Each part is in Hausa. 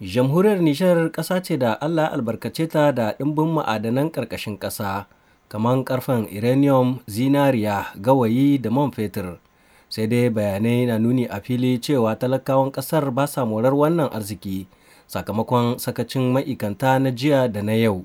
Jamhuriyar Nijar ƙasa ce da Allah albarkace ta da ɗimbin ma'adanan ƙarƙashin ƙasa, kamar ƙarfen uranium, zinariya, gawayi da man fetur. Sai dai bayanai na nuni a fili cewa talakawan ƙasar ba sa morar wannan arziki sakamakon sakacin ma'ikanta na jiya da na yau.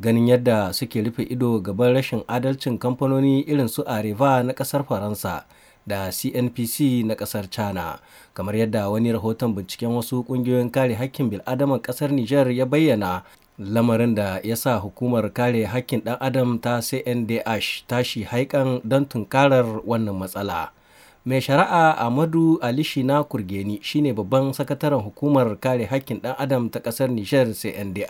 Ganin yadda suke rufe ido gaban rashin adalcin kamfanoni irin su Areva na ƙasar Faransa da cnpc na kasar china kamar yadda wani rahoton binciken wasu kungiyoyin kare hakkin bil'adama kasar niger ya bayyana lamarin da ya sa hukumar kare hakkin dan adam ta cndh tashi haikan don tunkarar wannan matsala mai shari'a amadu alishina kurgeni shine babban sakataren hukumar kare hakkin dan adam ta kasar niger cndh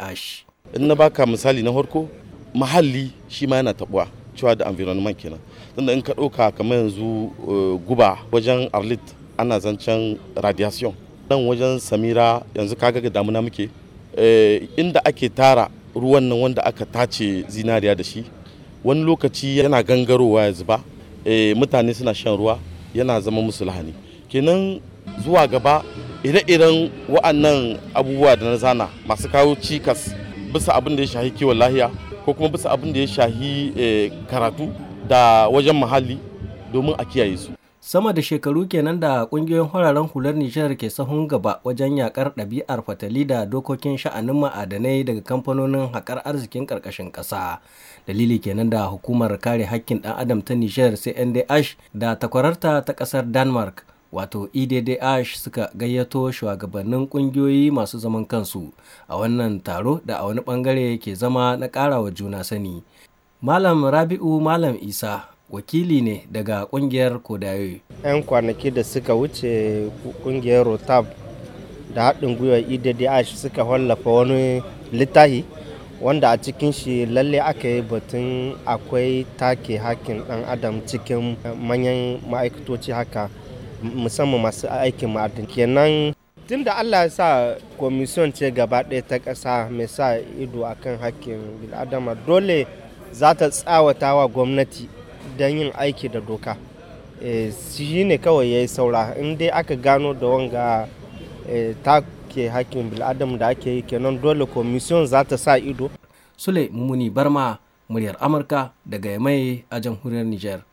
in na baka misali na farko mahalli shi ma yana taɓuwa. cewa da environment kenan tunda in ka ɗauka kamar yanzu eh, guba wajen arlit ana zancen radiation nan wajen samira yanzu kaga ga damuna muke eh, inda ake tara ruwan nan wanda aka tace zinariya da shi wani lokaci yana gangarowa ya zuba eh, mutane suna shan ruwa yana zama musu lahani kenan zuwa gaba ire-iren wa'annan abubuwa da na zana masu kawo cikas bisa abin da ya shahi kiwon lahiya ko kuma bisa abin da ya shahi eh, karatu da wajen muhalli domin a kiyaye su sama da shekaru kenan da kungiyoyin hararen hular nijar ke sahun gaba wajen yakar ɗabi'ar fatali da dokokin sha'anin ma'adanai daga kamfanonin haƙar arzikin ƙarƙashin ƙasa dalili kenan da hukumar kare haƙƙin ɗan adam ta nijar cndh da takwararta ta ƙasar denmark wato iddh suka gayyato shugabannin kungiyoyi masu zaman kansu a wannan taro da a wani bangare ke zama na karawa juna sani malam rabi'u malam isa wakili ne daga kungiyar kodayo yan kwanaki da suka wuce kungiyar rotab da haɗin gwiwar iddh suka wallafa wani littafi wanda a cikin shi lalle aka yi batun akwai take hakin ɗan adam cikin manyan ma'aikatoci haka musamman masu aikin ma'adin kenan tun da allah ya sa kwamishiyon ce gaba ɗaya ta ƙasa mai sa ido akan hakkin bil'adama dole za ta tsawata wa gwamnati don yin aiki da doka eh, shi ne kawai ya yi saura inda aka gano da wanga eh, ta ke hakkin bil'adama da ake yi kenan dole kwamishiyon za ta sa ido sule mummuni barma muryar amurka daga yamai a jamhuriyar niger